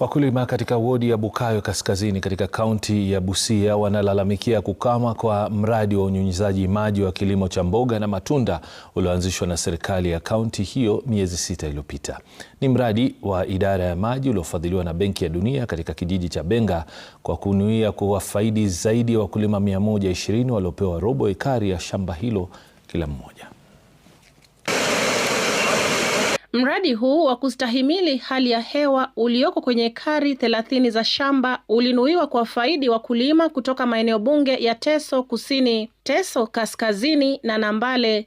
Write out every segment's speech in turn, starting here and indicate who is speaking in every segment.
Speaker 1: Wakulima katika wodi ya Bukayo Kaskazini katika kaunti ya Busia wanalalamikia kukama kwa mradi wa unyunyizaji maji wa kilimo cha mboga na matunda ulioanzishwa na serikali ya kaunti hiyo miezi sita iliyopita. Ni mradi wa idara ya maji uliofadhiliwa na Benki ya Dunia katika kijiji cha Benga kwa kunuia kuwafaidi zaidi ya wakulima 120 waliopewa robo ekari ya shamba hilo kila mmoja.
Speaker 2: Mradi huu wa kustahimili hali ya hewa ulioko kwenye ekari thelathini za shamba ulinuiwa kwa faidi wakulima kutoka maeneo bunge ya Teso Kusini, Teso Kaskazini na Nambale.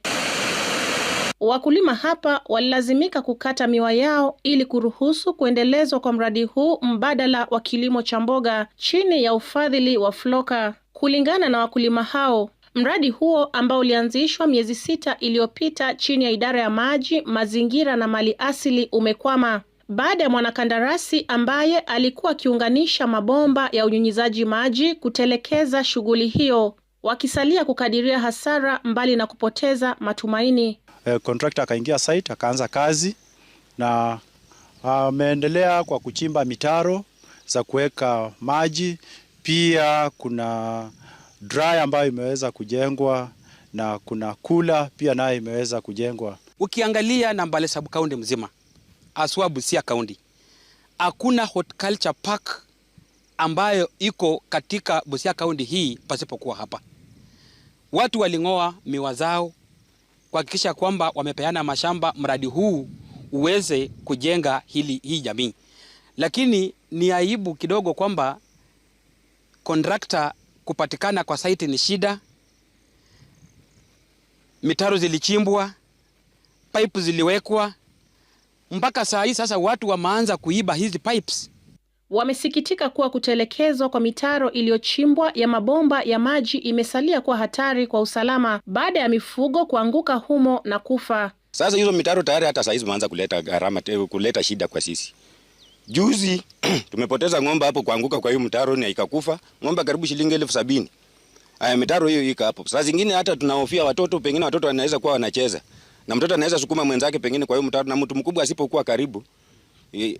Speaker 2: Wakulima hapa walilazimika kukata miwa yao ili kuruhusu kuendelezwa kwa mradi huu mbadala wa kilimo cha mboga chini ya ufadhili wa Floka. Kulingana na wakulima hao, Mradi huo ambao ulianzishwa miezi sita iliyopita chini ya idara ya maji, mazingira na mali asili umekwama baada ya mwanakandarasi ambaye alikuwa akiunganisha mabomba ya unyunyizaji maji kutelekeza shughuli hiyo, wakisalia kukadiria hasara mbali na kupoteza matumaini.
Speaker 3: Kontrakta eh, akaingia site akaanza kazi na ah, ameendelea kwa kuchimba mitaro za kuweka maji, pia kuna dry ambayo imeweza kujengwa na kuna kula pia nayo imeweza kujengwa.
Speaker 4: Ukiangalia Nambale sub county mzima aswa Busia county, hakuna horticulture park ambayo iko katika Busia county hii pasipokuwa hapa. Watu waling'oa miwa zao kuhakikisha kwamba wamepeana mashamba mradi huu uweze kujenga hili hii jamii, lakini ni aibu kidogo kwamba kontrakta kupatikana kwa saiti ni shida. Mitaro zilichimbwa, pipe ziliwekwa, mpaka saa hii sasa watu wameanza kuiba hizi pipes.
Speaker 2: Wamesikitika kuwa kutelekezwa kwa mitaro iliyochimbwa ya mabomba ya maji imesalia kuwa hatari kwa usalama baada ya mifugo kuanguka humo na kufa.
Speaker 5: Sasa hizo mitaro tayari hata saa hizi kuleta gharama, kuleta shida kwa sisi. Juzi tumepoteza ng'ombe hapo kuanguka kwa hiyo mtaro ni ikakufa ng'ombe karibu shilingi elfu sabini. Aya, mitaro hiyo iko hapo. Saa zingine hata tunahofia watoto, pengine watoto wanaweza kuwa wanacheza na mtoto anaweza sukuma mwenzake pengine kwa hiyo mtaro, na mtu mkubwa asipokuwa karibu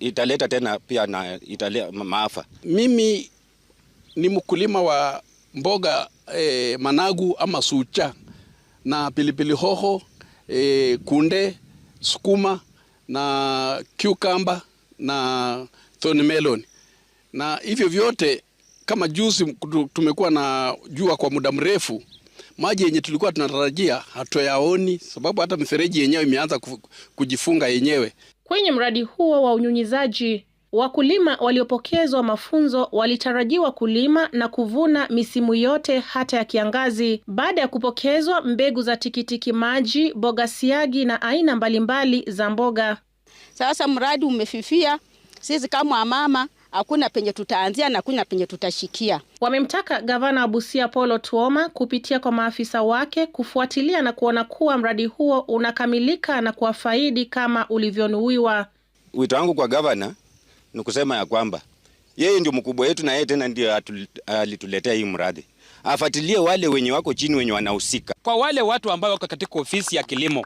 Speaker 5: italeta tena pia na italeta maafa.
Speaker 6: Mimi ni mkulima wa mboga eh, managu ama sucha na pilipili hoho eh, kunde, sukuma na cucumber na thorn Meloni na hivyo vyote kama juzi tumekuwa na jua kwa muda mrefu, maji yenye tulikuwa tunatarajia hatuyaoni, sababu hata mifereji yenyewe imeanza kujifunga yenyewe.
Speaker 2: Kwenye mradi huo wa unyunyizaji, wakulima waliopokezwa mafunzo walitarajiwa kulima na kuvuna misimu yote hata ya kiangazi, baada ya kupokezwa mbegu za tikitiki maji, boga siagi na aina mbalimbali za mboga.
Speaker 7: Sasa mradi umefifia, sisi kama wamama hakuna penye tutaanzia na hakuna penye tutashikia.
Speaker 2: Wamemtaka gavana wa Busia polo Tuoma kupitia kwa maafisa wake kufuatilia na kuona kuwa mradi huo unakamilika na kuwafaidi kama ulivyonuiwa.
Speaker 8: Wito wangu kwa gavana ni kusema ya kwamba yeye ndio mkubwa wetu na yeye tena ndio alituletea hii mradi, afuatilie wale wenye wako chini, wenye wanahusika,
Speaker 4: kwa wale watu ambao wako katika ofisi ya kilimo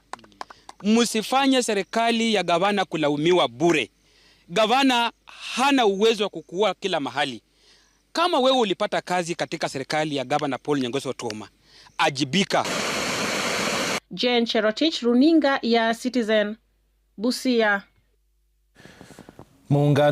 Speaker 4: msifanye serikali ya gavana kulaumiwa bure. Gavana hana uwezo wa kukuua kila mahali. Kama wewe ulipata kazi katika serikali ya gavana Paul Nyongesa Otuoma, ajibika.
Speaker 2: Jane Cherotich, runinga ya Citizen, Busia. Muungano